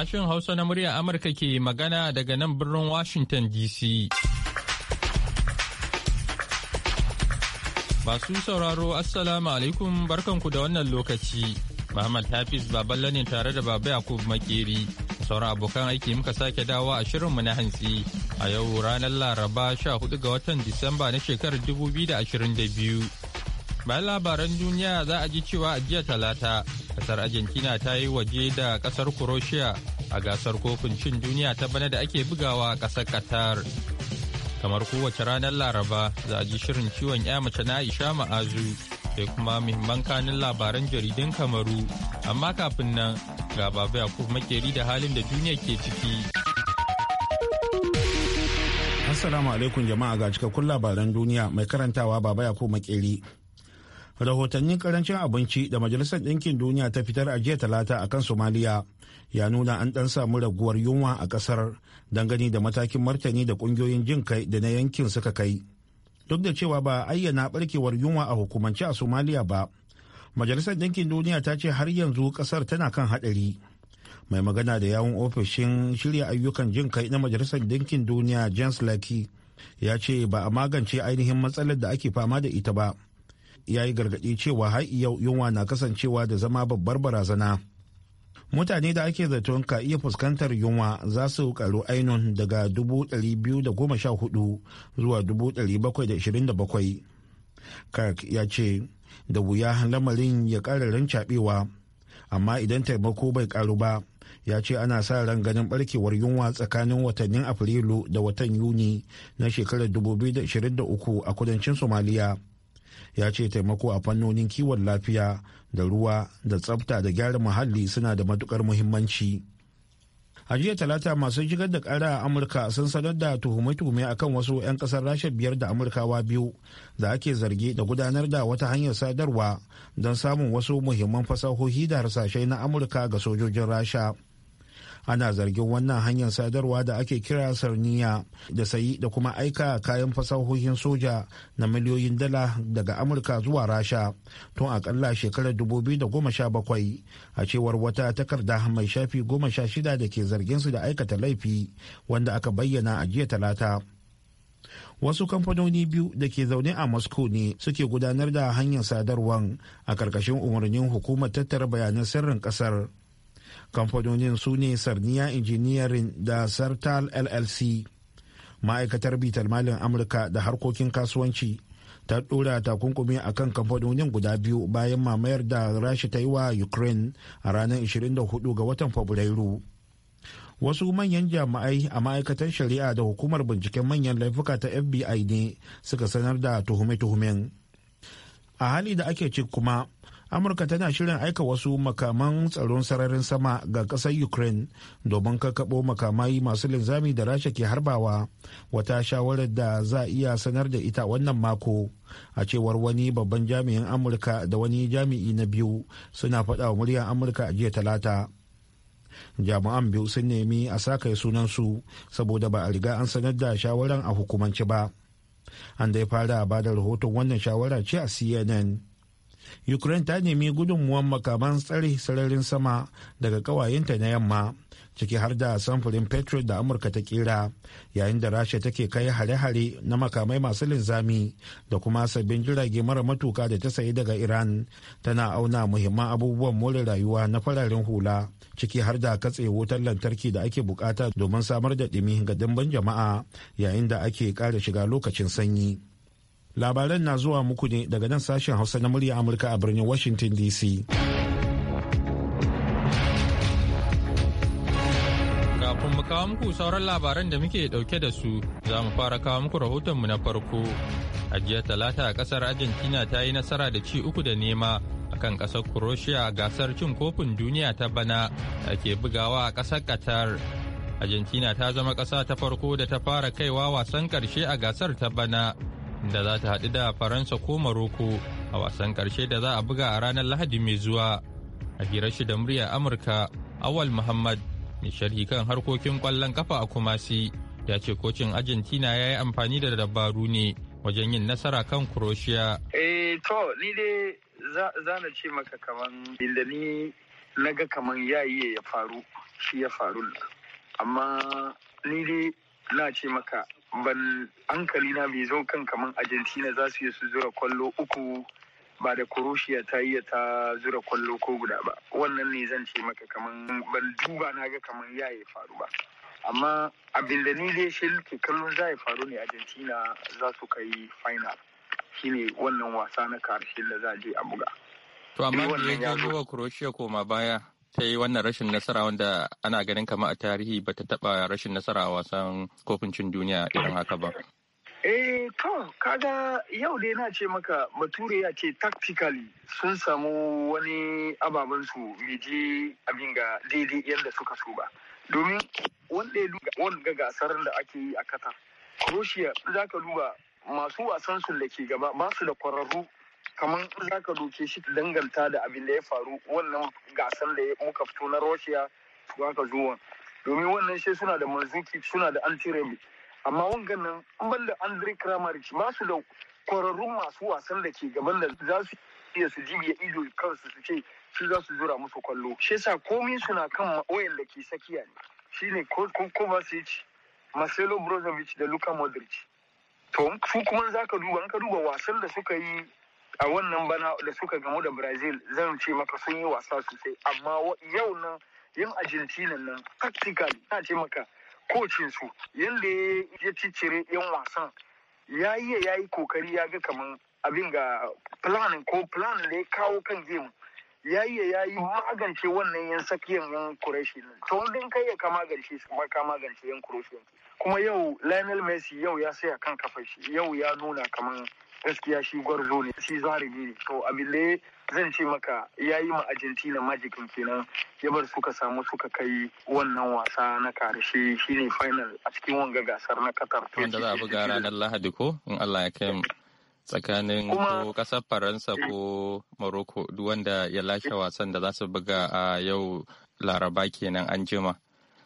Sashen Hausa na murya Amurka ke magana daga nan birnin Washington DC. Masu sauraro Assalamu alaikum barkanku da wannan lokaci. Muhammad Hafiz Baballe ne tare da Baba Yakub Makeri. Sauran abokan aiki muka sake dawo a shirin mu na hantsi a yau ranar Laraba 14 ga watan Disamba na shekarar 2022. Bayan labaran duniya za a ji cewa a jiya talata kasar argentina ta yi waje da kasar croatia a gasar kofin cin duniya ta bana da ake bugawa a ƙasar qatar kamar kowace ranar laraba za a ji shirin ciwon ya mace na aisha ma'azu sai kuma muhimman kanin labaran jaridun kamaru amma kafin nan ga babu yakub makeri da halin da duniya ke ciki assalamu alaikum jama'a ga cikakkun labaran duniya mai karantawa baba yakub makeri rahotannin karancin abinci da majalisar ɗinkin duniya ta fitar a jiya talata a kan somaliya ya nuna an ɗan samu raguwar yunwa a ƙasar dangane da matakin martani da ƙungiyoyin jin kai da na yankin suka kai duk da cewa ba ayyana barkewar yunwa a hukumance a somaliya ba majalisar ɗinkin duniya ta ce har yanzu ƙasar tana kan haɗari mai magana da yawun ofishin shirya ayyukan jin kai na majalisar ɗinkin duniya james laki ya ce ba a magance ainihin matsalar da ake fama da ita ba ya yi gargaɗi cewa har yau yunwa na kasancewa da zama babbar barazana mutane da ake zaton ka iya fuskantar yunwa za su karu ainun daga 214 zuwa 727 kirk ya ce da wuya lamarin ya ƙara rancaɓewa amma idan taimako bai karu ba ya ce ana sa ran ganin barkewar yunwa tsakanin watannin afrilu da watan yuni na shekarar 2023 a kudancin somaliya ya ce taimako a fannonin kiwon lafiya da ruwa da tsafta da gyara muhalli suna da matukar muhimmanci a jiya talata masu shigar da kara a amurka sun sanar da tuhume-tuhume a kan wasu 'yan kasar rasha biyar da amurkawa biyu da ake zarge da gudanar da wata hanyar sadarwa don samun wasu muhimman fasahohi da harsashai na amurka ga sojojin rasha ana zargin wannan hanyar sadarwa da ake kira sarniya da sayi da kuma aika kayan fasahohin soja na miliyoyin dala daga amurka zuwa rasha tun akalla shekarar 2017 a cewar wata takarda mai shafi 16 da ke zarginsu da aikata laifi wanda aka bayyana a jiya talata wasu kamfanoni biyu da ke zaune a moscow ne suke gudanar da hanyar sadarwar a karkashin umarnin hukumar tattara bayanan sirrin kasar kamfanonin su ne sarniya engineering da sartal llc ma'aikatar bitar malin amurka da harkokin kasuwanci ta ɗora takunkumi a kan kamfanonin guda biyu bayan mamayar da rashi ta yi wa ukraine a ranar 24 ga watan fabrairu wasu manyan jami'ai a ma'aikatar shari'a da hukumar binciken manyan laifuka ta fbi ne suka sanar da tuhume-tuhumen a hali da ake ci kuma amurka tana shirin aika wasu makaman tsaron sararin sama ga ƙasar ukraine domin kakkaɓo makamai masu linzami da rasha ke harbawa wata shawarar da za iya sanar da ita wannan mako a cewar wani babban jami'in amurka da wani jami'i na biyu suna faɗa wa muryar amurka a jiya talata jami'an biyu sun nemi a saka sunansu saboda ba a riga an sanar da shawaran a hukumance ba an dai fara ba da rahoton wannan shawara ce a cnn ukraine ta nemi gudunmuwan makaman tsare sararin sama daga kawayenta na yamma ciki har da samfurin petrol da amurka ta kera yayin da rasha take kai hare-hare na makamai masu linzami da kuma sabbin jirage mara matuka da ta sayi daga iran tana auna muhimman abubuwan more rayuwa na fararen hula ciki har da katse wutar lantarki da ake bukata domin samar da ɗumi ga dimbin jama'a yayin da ake ƙara shiga lokacin sanyi. labaran na zuwa muku ne daga nan sashen hausa na murya amurka a birnin washington dc kafin mu kawo muku sauran labaran da muke dauke da su za mu fara kawo muku rahotonmu na farko a jiya talata a kasar argentina ta yi nasara da ci uku da nema a kan kasar croatia a gasar cin kofin duniya ta bana da ke bugawa a kasar qatar argentina ta zama kasa ta farko da ta fara kaiwa wasan karshe a gasar ta bana inda za ta haɗu da faransa ko maroko a wasan ƙarshe da za a buga a ranar lahadi mai zuwa a hirar shi da murya amurka awal muhammad mai sharhi kan harkokin ƙwallon kafa a kumasi ya ce kocin argentina ya yi amfani da dabaru ne wajen yin nasara kan croatia eh, to ni dai za na ce maka kaman inda ni na ga kaman ya yi ya faru shi ya faru amma ni dai na ce maka ban hankali na bai zo kan kamar argentina za su yi su zura kwallo uku ba da kuroshiya ta iya ta zura kwallo ko guda ba wannan ne zan ce maka kaman ban duba na ga kaman ya yi faru ba amma abin da ni dai shi ke kallon za ya faru ne argentina za su kai final shine wannan wasa na karshe da za a je a buga to amma da ya zo wa kuroshiya koma baya ta yi wannan rashin nasara wanda ana ganin kama a tarihi ba ta taɓa rashin nasara a wasan kofin cin duniya irin haka ba. Eh to kaga yau dai na ce maka bature ya ce tactically sun samu wani ababensu mai je abin ga daidai yadda suka so ba. Domin wanda ya ga gasar da ake yi a Qatar. Croatia za ka duba masu wasan su da ke gaba ba su da kwararru kamar za ka doke shi ta danganta da abin da ya faru wannan gasar da muka fito na russia za ka zo domin wannan shi suna da manzuki suna da antiremi amma wangan nan an ban da andre kramaric ba su da kwararrun masu wasan da ke gaban da za su iya su jibiya ido kansu su ce su za su zura musu kwallo shi yasa komi suna kan wayan da ke sakiya ne shine Kovacic Marcelo Brozovic da Luka Modric to su kuma za ka duba an ka duba wasan da suka yi a wannan bana da suka gamu da brazil zan ce maka sun yi wasa sosai amma yau nan yin argentina nan tactical na ce maka kocin su yadda ya ciccire yan wasan ya yi ya yi kokari ya ga kamar abin ga planning ko planning da ya kawo kan game ya yi ya yi magance wannan yan sakiyan yan kureshi nan to wanda kai ya ka magance su kuma ka magance yan kureshi kuma yau lionel messi yau ya saya kan kafa shi yau ya nuna kamar gaskiya shi gwarzo ne shi zarumi ne to abin da zan ce maka ya yi ma argentina magikin kenan ya bar suka samu suka kai wannan wasa na karshe ne final a cikin wanga gasar na qatar wanda za a buga ranar lahadi ko in allah ya kai tsakanin ko kasar faransa ko morocco duk wanda ya lashe wasan da za su buga a yau laraba kenan an jima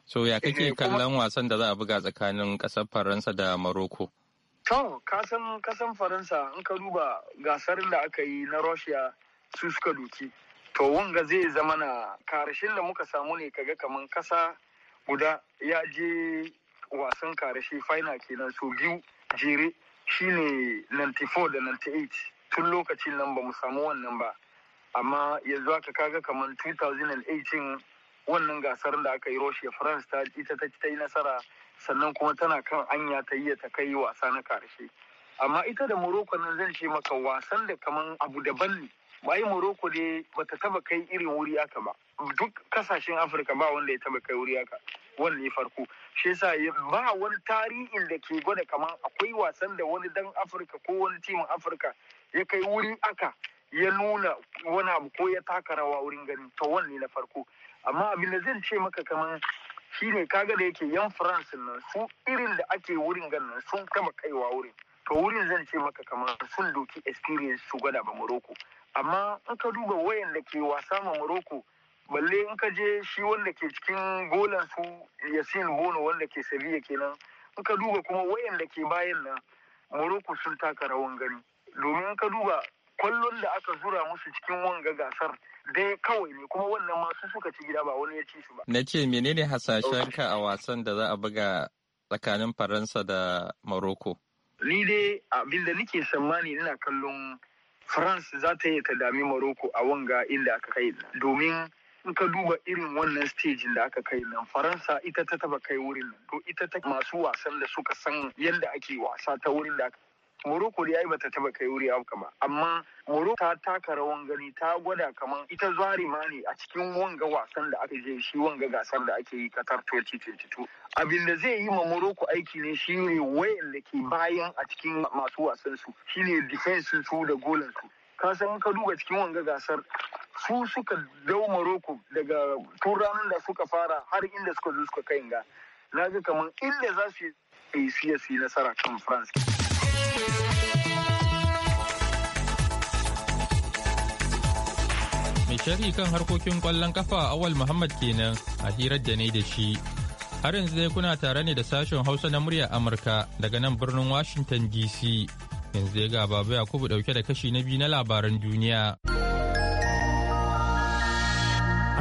so ya kake eh, kallon wasan da za a buga tsakanin kasar faransa da morocco To, kasan kasan Faransa in ka duba gasar da aka yi na Russia su suka doki. To, wanga zai zama na karashin da muka samu ne kaga kaman kasa guda ya je wasan karashi final kenan so biyu jere shine 94 da 98 tun lokacin nan ba mu samu wannan ba. Amma yanzu aka kaga kaman 2018 wannan gasar da aka yi Russia France ta ita ta yi nasara sannan kuma tana kan anya ta yi ta kai wasa na karshe amma ita da morocco nan zan ce maka wasan da kaman abu daban ne bayan morocco ne bata taba kai irin wuri aka ba duk kasashen afirka ba wanda ya taba kai wuri aka wannan ne farko shi yasa ba wani tarihin da ke gwada kaman akwai wasan da wani dan afirka ko wani timin afirka ya kai wuri aka ya nuna wani abu ko ya taka rawa wurin ganin to wannan na farko amma abin da zan ce maka kaman shine kaga da yake yan France nan su irin da ake wurin ganin sun kama kaiwa wurin to wurin zan ce maka kamar sun doki experience su gwada ba Morocco amma in ka duba wayan da ke wasa ma Morocco balle in ka je shi wanda ke cikin golan su Yasin Bono wanda ke Sevilla kenan in ka duba kuma wayan da ke bayan nan Morocco sun taka rawan gani domin in ka duba kwallon da aka zura musu cikin wanga gasar dai kawai ne kuma wannan masu suka ci gida ba wani ya ci su ba. Na ce menene ka a wasan da za a buga tsakanin Faransa da Morocco? Ni dai abin da nike tsammani ina kallon France za ta yi ta dami Morocco a wanga inda aka kai domin in ka duba irin wannan stage da aka kai nan faransa ita ta taba kai wurin nan to ita ta masu wasan da suka san yadda ake wasa ta wurin da aka Morocco ya yi bata taba kai wuri haka ba amma Morocco ta taka rawan gani ta gwada kamar ita zuwari ma ne a cikin wanga wasan da aka je shi wanga gasar da ake yi Qatar 2022 abin da zai yi ma Morocco aiki ne shi ne wayan da ke bayan a cikin masu wasan su shine defense su da golan su ka san ka duba cikin wanga gasar su suka dau Morocco daga tun ranar da suka fara har inda suka zo suka kai ga na ga kamar inda za su yi su nasara kan France mai shari kan harkokin kwallon kafa awal muhammad kenan a hirar da ne da shi har yanzu dai kuna tare ne da sashen hausa na muryar amurka daga nan birnin washington dc yanzu dai ga baba yakubu dauke da kashi na biyu na labaran duniya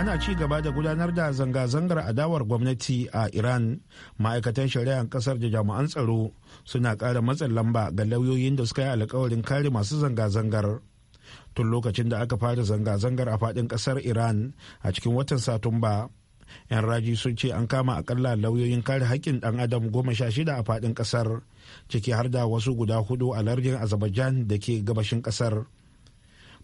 ana ci gaba da gudanar da zanga-zangar adawar gwamnati a iran ma'aikatan shari'ar kasar da jami'an tsaro suna ƙara matsin lamba ga lauyoyin da suka yi alkawarin kare masu zanga-zangar tun lokacin da aka fara zanga-zangar a fadin kasar iran a cikin watan satumba yan raji sun ce an kama akalla lauyoyin kare haƙƙin ɗan adam goma sha shida a fadin kasar ciki har da wasu guda hudu a lardin azerbaijan da ke gabashin kasar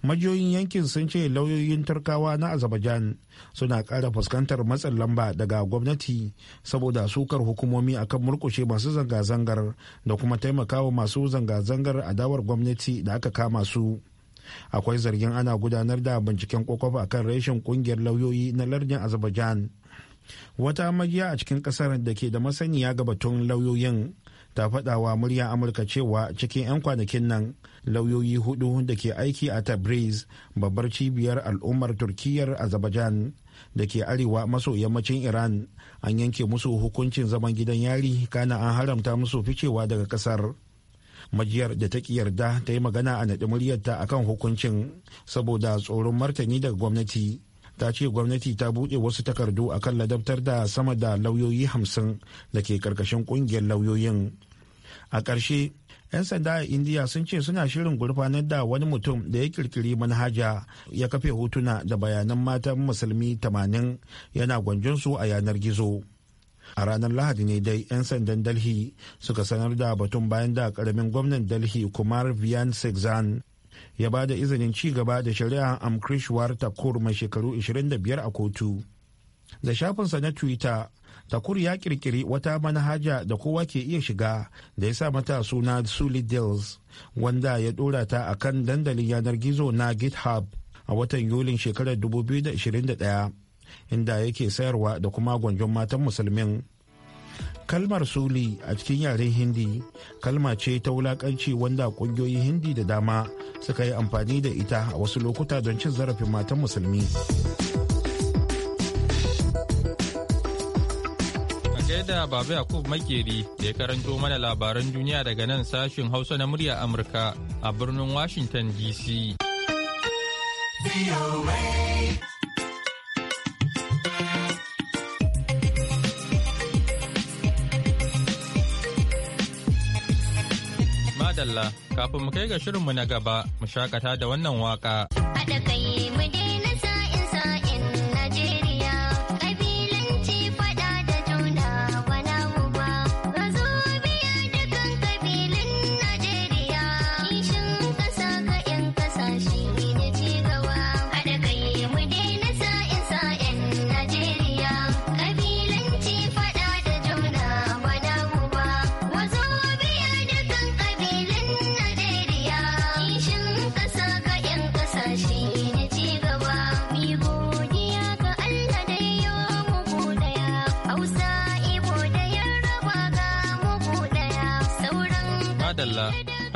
majiyoyin yankin sun ce lauyoyin turkawa na azerbaijan suna ƙara fuskantar matsin lamba daga gwamnati saboda sukar hukumomi akan murkushe masu zanga-zangar da kuma taimakawa masu zanga-zangar adawar gwamnati da aka kama su. akwai zargin ana gudanar da binciken kwakwaf a kan reshen kungiyar lauyoyi na lardin azerbaijan wata magiya a cikin kasar da ke da masaniya ga batun lauyoyin ta faɗawa murya amurka cewa cikin 'yan kwanakin nan lauyoyi hudu da ke aiki a tabriz babbar cibiyar al'ummar turkiyyar azerbaijan da ke arewa maso yammacin iran an yanke musu hukuncin zaman gidan yari kana an haramta musu ficewa daga kasar majiyar da ta yarda ta yi magana a naɗi muryarta akan hukuncin saboda tsoron martani daga gwamnati ta ce gwamnati ta buɗe wasu takardu a kan ladabtar da sama da lauyoyi hamsin da ke karkashin ƙungiyar lauyoyin a ƙarshe 'yan sanda a indiya sun ce suna shirin gurfanar da wani mutum da ya kirkiri manhaja ya kafe hotuna da bayanan matan musulmi 80 yana gwanjonsu a yanar gizo. a ranar lahadi ne dai 'yan sandan dalhi suka sanar da batun bayan da karamin gwamnan dalhi kumar vian sexan ya ba da izinin ci gaba da shari'a amkrishwar takur mai shekaru 25 a kotu da shafinsa na twitter takur ya kirkiri wata manhaja da kowa ke iya shiga da ya sa mata suna sulid deals wanda ya dora ta a kan dandalin yanar gizo na github a watan yulin shekarar 2021 inda yake sayarwa da kuma gwanjon matan musulmin kalmar suli a cikin yaren hindi kalma ce ta wulakanci wanda kungiyoyin hindi da dama suka yi amfani da ita a wasu lokuta don cin zarafin matan musulmi da baba yakub makeri da ya karanto mana labaran duniya daga nan sashin hausa na murya amurka a birnin washington dc dalla kafin mu kai ga shirinmu na gaba mu shakata da wannan waka. ada kai mu daina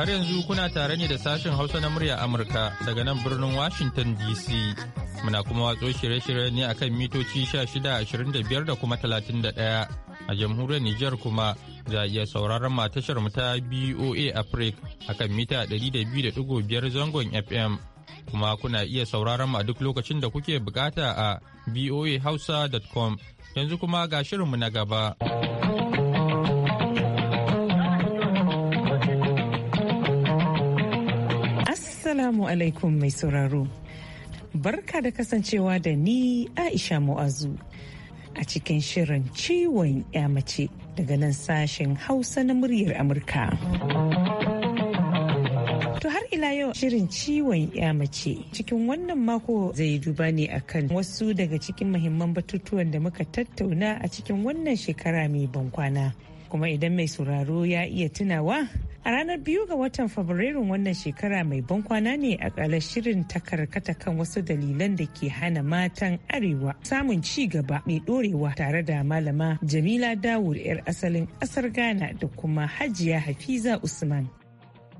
Har yanzu kuna tare ne da sashen Hausa na murya Amurka daga nan birnin Washington DC. Muna kuma watso shirye-shirye ne akan mitoci 1625 da kuma 31 a jamhuriyar Nijar kuma za a iya sauraron matashar mu ta BOA Africa akan mita 200.5 zangon FM. Kuma kuna iya sauraron mu a duk lokacin da kuke bukata a boahausa.com. Yanzu kuma ga shirinmu na gaba. Assalamu alaikum mai sauraro. Barka da kasancewa da ni Aisha Mu'azu a cikin shirin ciwon mace daga nan sashen Hausa na muryar Amurka. To har ila yau shirin ciwon mace cikin wannan mako zai duba ne akan wasu daga cikin mahimman batutuwan da muka tattauna a cikin wannan shekara mai bankwana. Kuma idan mai sauraro ya iya tunawa A ranar biyu ga watan Fabrairu, wannan shekara mai ban kwana ne a ƙala shirin takarkata kan wasu dalilan da ke hana matan arewa samun ci gaba mai ɗorewa tare da malama Jamila Dawud 'yar asalin ƙasar Ghana da kuma Hajiya Hafiza Usman.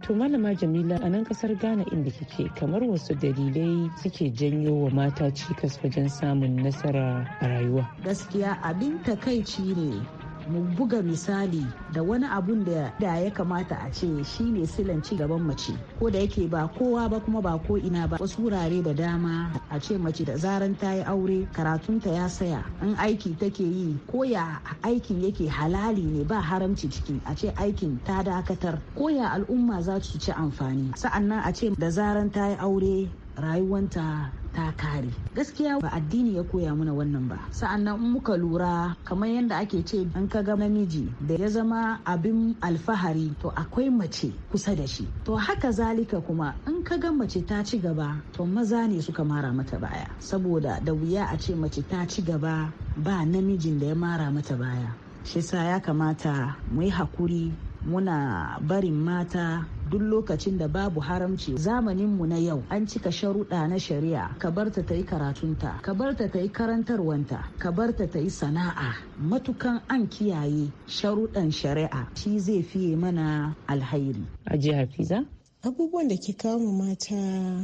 To malama Jamila a nan kasar Ghana inda kike kamar wasu dalilai suke janyo wa mata cikas wajen samun nasara a rayuwa. Gaskiya abin takaici ne mu buga misali da wani abun da da ya kamata a ce shine silan ci gaban mace ko da yake ba kowa ba kuma ba ko ina ba wasu wurare da dama a ce mace da zaran ta yi aure karatunta ya saya in aiki take yi ko ya aikin yake halali ne ba haramci ciki a ce aikin ta dakatar ko ya al'umma za su ci amfani sa'annan a ce da zaran ta yi aure rayuwanta ta kare gaskiya ba addini ya koya mana wannan ba sa'annan in muka lura kamar yadda ake ce an ka ga namiji da ya zama abin alfahari to akwai mace kusa da shi to haka zalika kuma in ka ga mace ta ci gaba to maza ne suka mara mata baya saboda da wuya a ce mace ta ci gaba ba namijin da ya mara mata baya shi ya kamata mu yi hakuri muna barin mata duk lokacin da babu haramci zamaninmu na yau an cika sharuɗa na shari'a ka barta ta yi karatunta ka barta ta yi karantarwanta ka barta ta yi sana'a matukan an kiyaye sharuɗan shari'a shi zai fiye mana alhairi a hafiza abubuwan da ke kama mata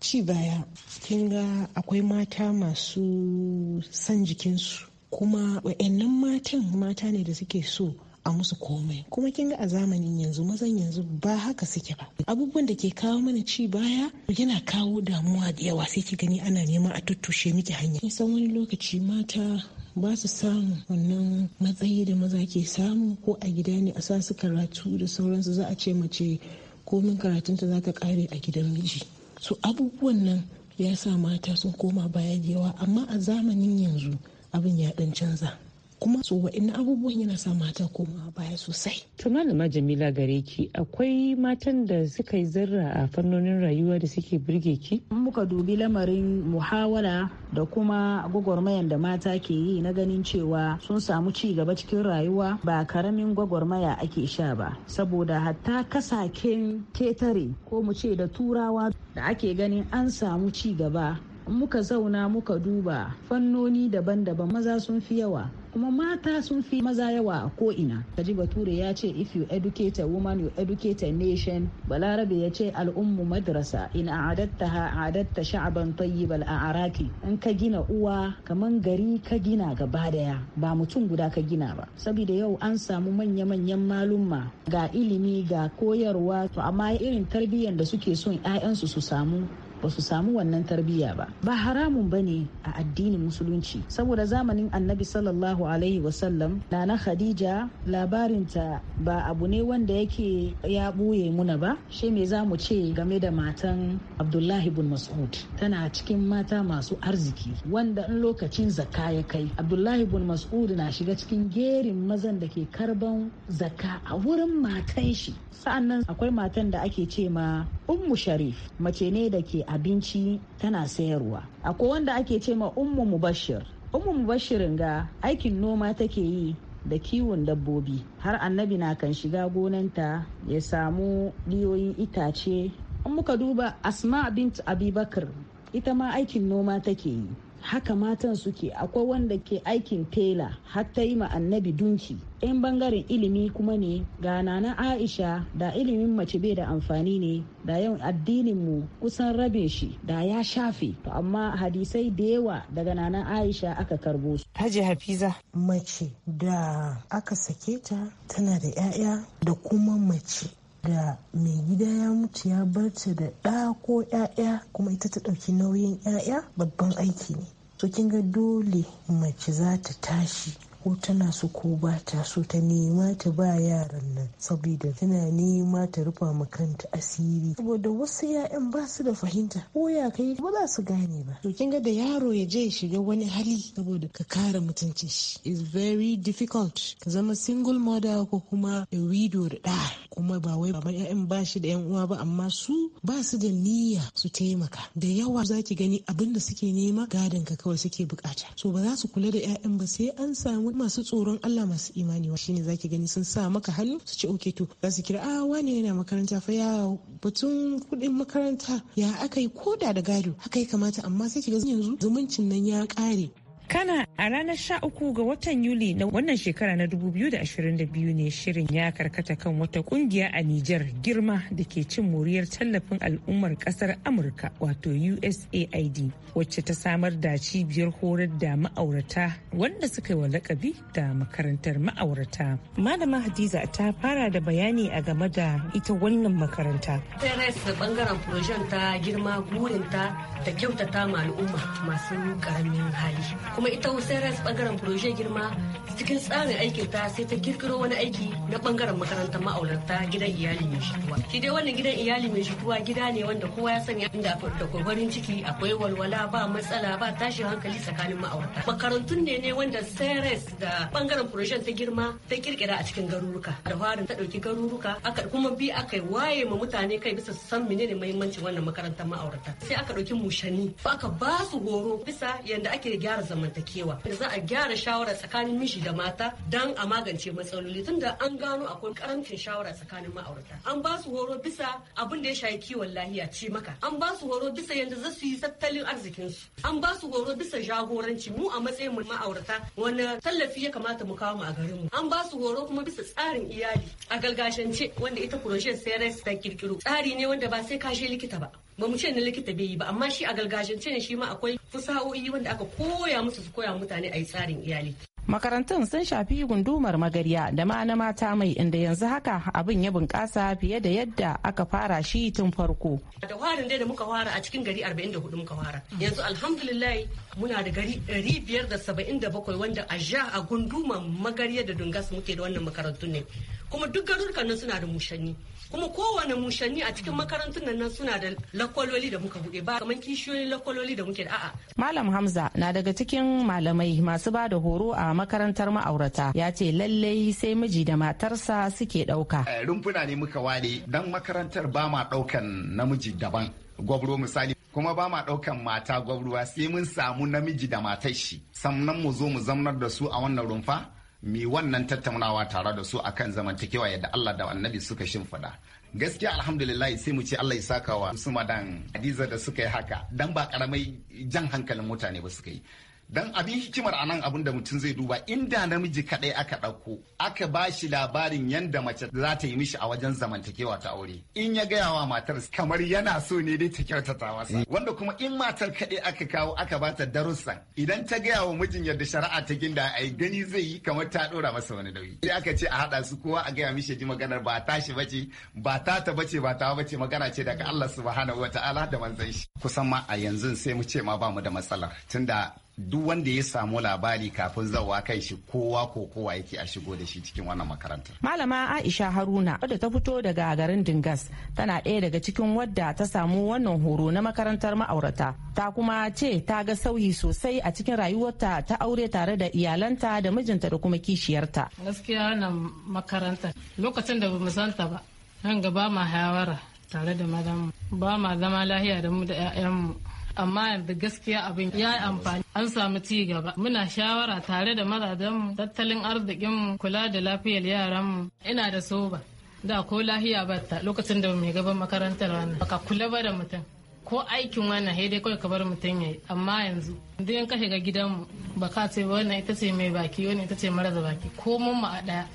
ci baya kin ga akwai mata masu san jikinsu kuma wa'annan matan mata ne da suke so a musu komai kuma kin ga a zamanin yanzu mazan yanzu ba haka suke ba abubuwan da ke kawo mana ci baya yana kawo damuwa da yawa sai ki gani ana neman a tuttushe miki hanya nisan wani lokaci mata ba su samu wannan matsayi da maza ke samu ko a gida ne a sa su karatu da sauransu za a ce mace komin karatunta za ta kare a gidan miji su abubuwan nan ya sa mata sun koma baya da yawa amma a zamanin yanzu abin ya dan canza kuma su wa'in abubuwan yana sa mata komawa baya sosai. To malama Jamila gare ki akwai matan da suka yi zarra a fannonin rayuwa da suke birge ki? Muka dubi lamarin muhawala da kuma gwagwarmayan da mata ke yi na ganin cewa sun samu ci gaba cikin rayuwa ba karamin gwagwarmaya ake sha ba saboda hatta kasaken ketare ko mu ce da turawa da ake ganin an samu ci gaba muka zauna muka duba fannoni daban-daban maza sun fi yawa kuma mata sun fi maza yawa a ko'ina kaji bature ya ce if you educate a woman you educate a nation balarabe ya ce al'ummu madrasa ina a'adatta ha a'adatta sha'aban tayyibal a araki in ka gina uwa kaman gari ka gina gaba daya ba mutum guda ka gina ba saboda yau an samu manya-manyan malumma ga ilimi ga koyarwa to amma irin tarbiyyar da suke son 'ya'yansu su samu ba su samu wannan tarbiyya ba ba haramun ba ne a addinin musulunci saboda zamanin annabi sallallahu alaihi wasallam nana khadija labarinta ba abu ne wanda yake ya ɓoye muna ba shi me za mu ce game da matan abdullahi bin mas'ud tana cikin mata masu arziki wanda in lokacin zakka ya kai abdullahi bin mas'ud na shiga cikin gerin mazan da ke karban zakka a wurin matan shi sa'annan akwai matan da ake ce ma ummu sharif mace ne da ke abinci tana sayarwa akwai wanda ake ce ma ummu mubashir ummu mubashirin ga aikin noma take yi da kiwon dabbobi har annabi na kan shiga gonanta ya samu liyoyin itace in muka duba asma bint abubakar ita ma aikin noma take yi haka matan suke akwai wanda ke aikin tela har ta yi ma annabi dunki Yan bangaren ilimi kuma ne ga nana aisha da ilimin mace bai da amfani ne da yau addininmu kusan rabin shi da ya shafe to amma hadisai da yawa daga nana aisha aka karbo su haji hafiza mace da aka sake ta tana da 'ya'ya da kuma mace da mai gida ya mutu ya barta da ɗa ko ƴaƴa kuma ita ta ɗauki nauyin ƴaƴa babban aiki ne to kin ga dole mace za ta tashi ko tana so ko ba ta so ta nema ta ba yaran nan saboda tana nema ta rufa ma kanta asiri saboda wasu 'ya'yan ba su da fahimta ko ya kai ba za su gane ba to kinga da yaro ya je shiga wani hali saboda ka kare mutunci shi is very difficult ka zama single mother ko kuma da widow da da kuma ba wai baban 'ya'yan ba shi da 'yan uwa ba amma su ba su da niyya su taimaka da yawa za ki gani abin da suke nema gadon ka kawai suke bukata so ba za su kula da 'ya'yan ba sai an samu masu tsoron Allah masu imani wa shine zaki gani sun sa maka hannu su ce okay to za su kira a ah, wane yana makaranta fa ya batun kudin makaranta ya aka yi koda da gado haka ya kamata amma sai ki ga yanzu zumuncin nan ya kare. Kana a ranar sha uku ga watan Yuli na wannan shekara na 2022 ne shirin ya karkata kan wata kungiya a Nijar girma da ke cin moriyar tallafin al'ummar kasar Amurka wato USAID wacce ta samar da cibiyar horar da ma'aurata wanda suka yi wa lakabi da makarantar ma'aurata. Malama Hadiza ta fara da bayani a game da ita wannan makaranta. Teres bangaren ta girma burinta da kyautata al'umma masu karamin hali. kuma ita wusaras bangaren proje girma cikin tsarin aikin ta sai ta kirkiro wani aiki na bangaren makarantar ma'aurata gidan iyali mai shituwa shi dai wannan gidan iyali mai shituwa gida ne wanda kowa ya sani inda da kokarin ciki akwai walwala ba matsala ba tashin hankali tsakanin ma'aurata makarantun ne ne wanda seres da bangaren projen ta girma ta kirkira a cikin garuruka da farin ta dauki garuruka aka kuma bi aka waye ma mutane kai bisa san menene muhimmancin wannan makarantar ma'aurata sai aka dauki mushani aka ba su horo bisa yanda ake gyara zaman zamantakewa da za a gyara shawara tsakanin miji da mata don a magance matsaloli tunda an gano akwai karamcin shawara tsakanin ma'aurata an ba su horo bisa abin da ya shayi kiwon lahiya ce maka an ba su horo bisa yadda za su yi tattalin arzikinsu an ba su horo bisa jagoranci mu a matsayin mu ma'aurata wani tallafi ya kamata mu kawo mu a garin mu an ba su horo kuma bisa tsarin iyali a galgashance wanda ita kuroshe CRS ta kirkiro tsari ne wanda ba sai kashe likita ba ba mu ce na likita bai yi ba amma shi a galgajance ne shi ma akwai fasahohi wanda aka koya musu su koya mutane a yi tsarin iyali makarantun sun shafi gundumar magarya da ma na mata mai inda yanzu haka abin ya bunƙasa fiye da yadda aka fara shi tun farko. da warin dai da muka fara a cikin gari 44 muka fara yanzu alhamdulillah muna da gari 577 wanda a ja a gundumar magarya da dungas muke da wannan makarantun ne kuma duk garurukan nan suna da mushanni kuma kowane mushanni a cikin makarantun nan suna da lakwaloli da muka buɗe ba kamar kishiyoyin lakwaloli da muke da a'a. Malam Hamza na daga cikin malamai masu ba da horo a makarantar ma'aurata ya ce lallai sai miji da matarsa suke ɗauka. Eh, rumfuna ne muka ware dan makarantar ba ma ɗaukan namiji daban. Gwabro misali kuma ba ma ɗaukan mata gwabruwa sai mun samu namiji da matar shi sannan mu zo mu zamnar da su a wannan rumfa mi wannan tattaunawa tare da su akan zamantakewa yadda Allah da annabi suka shimfiɗa gaskiya alhamdulillah sai mu ce Allah ya saka wa su madan Hadiza da suka yi haka dan ba karamai jan hankalin mutane ba suka yi Don abin hikimar a nan abin da mutum zai duba inda namiji kaɗai aka ɗauko aka ba shi labarin yanda mace za ta yi mishi a wajen zamantakewa ta aure. In ya gaya wa matar kamar yana so ne dai ta kyautata masa. Mm. Wanda kuma in matar kaɗai aka kawo aka ba ta darussan idan ta gaya wa mijin yadda shari'a ta ginda a yi gani zai yi kamar ta ɗora masa wani nauyi. Sai aka ce a haɗa su kowa a gaya mishi ji maganar ba tashi bace ba ta ta bace ba ta bace magana ce daga Allah subhanahu wa da manzon shi. Kusan ma a yanzu sai mu ce ma ba mu da matsalar tunda duk wanda ya samu labari kafin zawa kai shi kowa ko kowa yake a shigo da shi cikin wannan makarantar. Malama Aisha Haruna wadda ta fito daga garin Dingas tana ɗaya daga cikin wadda ta samu wannan horo na makarantar ma'aurata. Ta kuma ce ta ga sauyi sosai a cikin rayuwarta ta aure tare da iyalanta da mijinta da kuma kishiyarta. Gaskiya wannan makarantar lokacin da bamu santa ba nan gaba ma hawara tare da madam ba ma zama lahiya da mu da 'ya'yanmu. amma yanzu gaskiya abin ya yi amfani an samu ci gaba muna shawara tare da mazajenmu tattalin arzikinmu kula da lafiyar yaranmu ina da soba da ko lahiya batta lokacin da mai gaban makarantar wannan baka kula ba da mutum ko aikin wannan sai dai kawai ka bar mutum yi. amma yanzu idan ka shiga gidanmu ba ka ce wannan ita ce mai baki wani ita ce mara baki ko mun mu a ɗaya.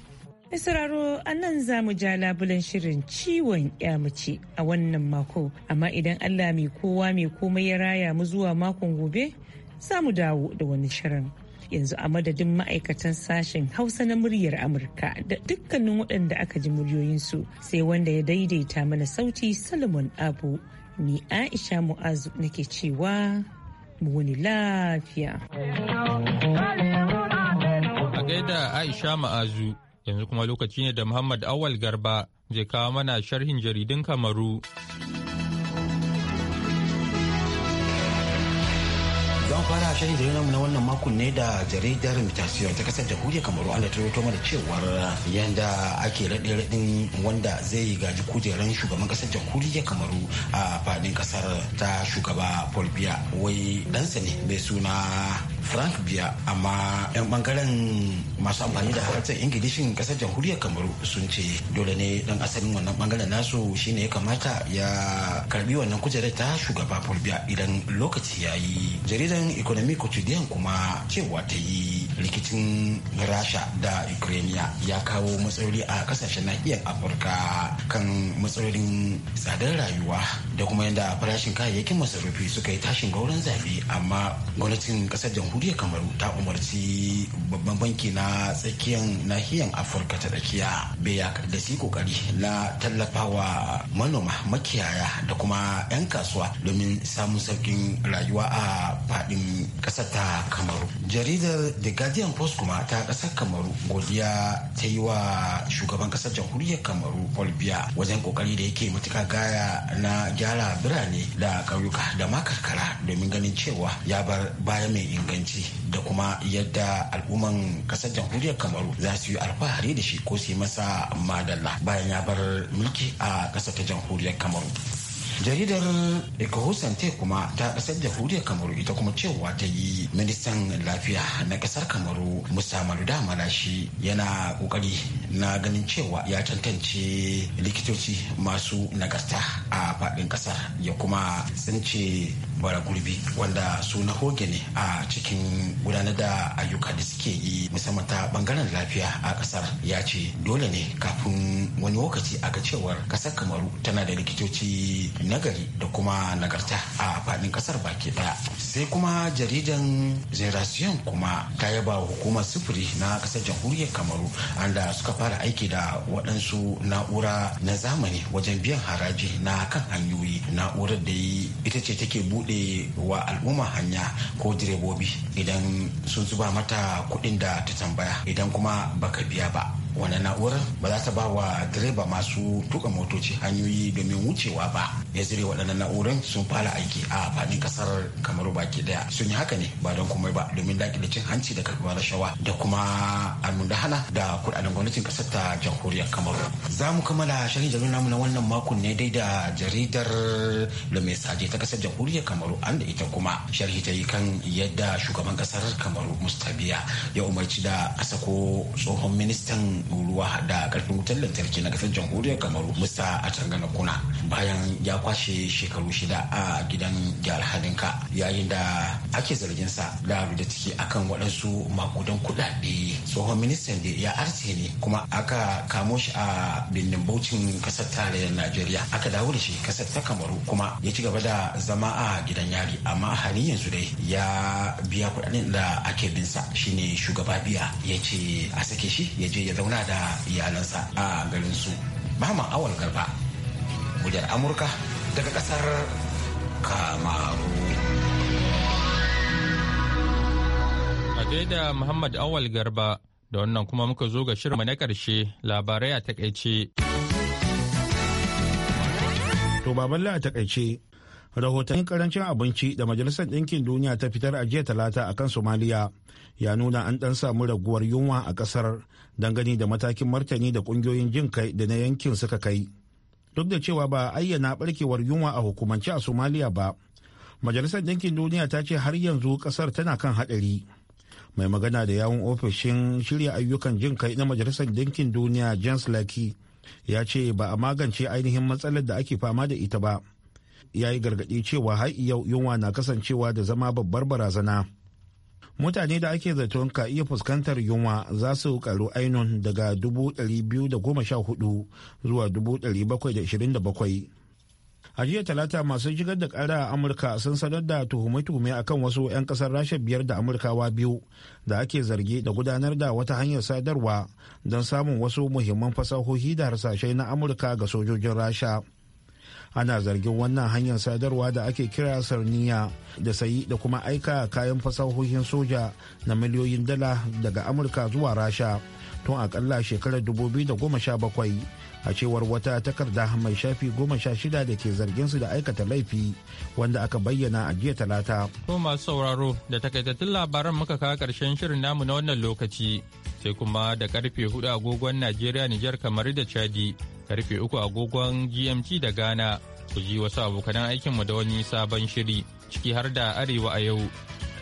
sauraro a nan za mu ja labulan shirin ciwon mace a wannan mako amma idan allah mai kowa mai komai ya raya mu zuwa makon gobe za mu dawo da wani shirin yanzu a madadin ma'aikatan sashen hausa na muryar amurka da dukkanin waɗanda aka ji muryoyinsu sai wanda ya daidaita mana sauti salomon abu ni aisha mu'azu nake cewa mu wani lafiya a gaida aisha ma'azu yanzu kuma lokaci ne da Muhammad Awal Garba zai kawo mana sharhin jaridun Kamaru. don fara shirin jaridar na wannan makon ne da jaridar mutasiyar ta kasar jamhuriyar kamaru an da ta mana cewar yanda ake raɗe raɗin wanda zai yi gaji kujeran shugaban kasar jamhuriyar kamaru a fadin kasar ta shugaba paul wai ɗansa ne bai suna Frank biya amma 'yan bangaren masu amfani da harshen ingilishin kasar jamhuriyar kamaru sun ce dole ne dan asalin wannan bangaren nasu shine ya kamata ya karbi wannan kujerar ta shugaba fulbiya idan lokaci ya yi jaridan economic quotidian kuma cewa ta yi rikicin rasha da ukraine ya kawo matsaloli a kasashen nahiyar afirka kan matsalolin tsadar rayuwa da kuma yadda farashin kayayyakin masarufi suka yi tashin gauran zabe amma gwamnatin kasar jamhuriyar jamhuriyar kamaru ta umarci babban banki na tsakiyar nahiyar afirka ta tsakiya beya da su kokari na tallafawa manoma makiyaya da kuma 'yan kasuwa domin samun sauƙin rayuwa a faɗin ƙasar ta kamaru jaridar the guardian post kuma ta ƙasar kamaru godiya ta yi wa shugaban ƙasar jamhuriyar kamaru paul biya wajen kokari da yake matuka gaya na gyara birane da ƙauyuka da ma karkara domin ganin cewa ya bar baya mai inganci abinci da kuma yadda al'umman kasar jamhuriyar kamaru za su yi alfahari da shi ko su yi masa madalla bayan ya bar mulki a kasar ta jamhuriyar kamaru jaridar ecohusante kuma ta kasar jamhuriyar kamaru ita kuma cewa ta yi ministan lafiya na kasar kamaru musa maluda malashi yana kokari na ganin cewa ya tantance likitoci masu nagarta a faɗin kasar ya kuma tsince bara gurbi wanda su na hoge ne a cikin gudanar da ayyuka da suke yi musamman ta bangaren lafiya a kasar ya ce dole ne kafin wani lokaci aka cewar kasar kamaru tana da likitoci nagari da kuma nagarta a faɗin kasar baki daya sai kuma jaridan zerasiyon kuma ta yaba hukumar sufuri na kasar jamhuriyar kamaru anda suka fara aiki da waɗansu na'ura na zamani wajen biyan haraji na kan hanyoyi na'urar da ita ce take buɗe buɗe wa al'umma hanya ko direbobi idan sun zuba mata kuɗin da ta tambaya idan kuma baka biya ba wani na'urar ba za ta ba wa direba masu tuka motoci hanyoyi domin wucewa ba ya zire waɗannan na'urorin sun fara aiki a faɗin ƙasar kamaru baki daya sun yi haka ne ba don komai ba domin daƙile cin hanci da karɓar rashawa da kuma hana da kuɗaɗen gwamnatin ƙasar ta jamhuriyar kamaru za mu kammala shirin jaridar namu na wannan makon ne dai da jaridar le ta ƙasar jamhuriyar kamaru an da ita kuma sharhi ta yi kan yadda shugaban ƙasar kamaru mustabiya ya umarci da ƙasa ko tsohon ministan ruwa da ƙarfin wutar lantarki na ƙasar jamhuriyar kamaru musa a kuna bayan ya kwashe shekaru shida a gidan jihar halinka yayin da ake zargin sa da da ciki akan waɗansu makudan kuɗaɗe tsohon ministan da ya arce ne kuma aka kamo shi a birnin baucin kasar tarayyar najeriya aka dawo da shi kasar ta kamaru kuma ya ci gaba da zama a gidan yari amma a yanzu dai ya biya kuɗaɗen da ake bin sa shine shugaba biya ya ce a sake shi ya je ya zauna da iyalansa a garin su Muhammad Awal Garba, Muryar Amurka daga kasar kamaru a gaida muhammad awal garba da wannan kuma muka zo ga shirin na ƙarshe labarai a takaice to baban a takaice rahotannin karancin abinci da majalisar ɗinkin duniya ta fitar a jiya talata a kan somaliya ya nuna an ɗan samu raguwar yunwa a ƙasar dangane da matakin martani da ƙungiyoyin jin kai da na yankin suka kai duk da cewa ba ayyana barkewar yunwa a hukumance a somaliya ba majalisar ɗinkin duniya ta ce har yanzu ƙasar tana kan haɗari mai magana da yawun ofishin shirya ayyukan jin kai na majalisar ɗinkin duniya james laki ya ce ba a magance ainihin matsalar da ake fama da ita ba ya yi gargaɗi cewa har yau yunwa na kasancewa da zama babbar barazana mutane da ake zaton ka iya fuskantar yunwa za su karu ainon daga 214 zuwa 727 a jiya talata masu shigar da kara a amurka sun sanar da tuhume-tuhume akan wasu 'yan kasar rasha biyar da amurkawa biyu da ake zargi da gudanar da wata hanyar sadarwa don samun wasu muhimman fasahohi da harsashai na amurka ga sojojin rasha ana zargin wannan hanyar sadarwa da ake kira sarniya da sayi da kuma aika kayan fasahohin soja na miliyoyin dala daga amurka zuwa rasha tun akalla shekarar 2017 a cewar wata takarda mai shafi 16 da ke zargin su da aikata laifi wanda aka bayyana a jiya talata. ko masu sauraro da takaitattun labaran muka kawo karshen shirin namu na wannan lokaci sai kuma da karfe hudu agogon najeriya nijar kamar da chadi karfe uku agogon GMT da Ghana ku ji wasu abokanan aikinmu da wani sabon shiri ciki har da arewa a yau.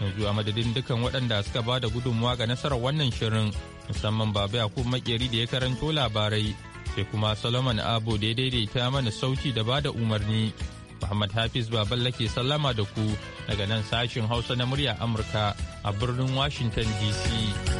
Yanzu a madadin dukkan waɗanda suka ba da gudunmawa ga nasarar wannan shirin musamman Baba kuma Makeri da ya karanto labarai sai kuma Solomon abu da ya daidaita mana sauti da ba da umarni. Muhammad Hafiz Baballe ke sallama da ku daga nan sashin Hausa na murya Amurka a birnin Washington DC.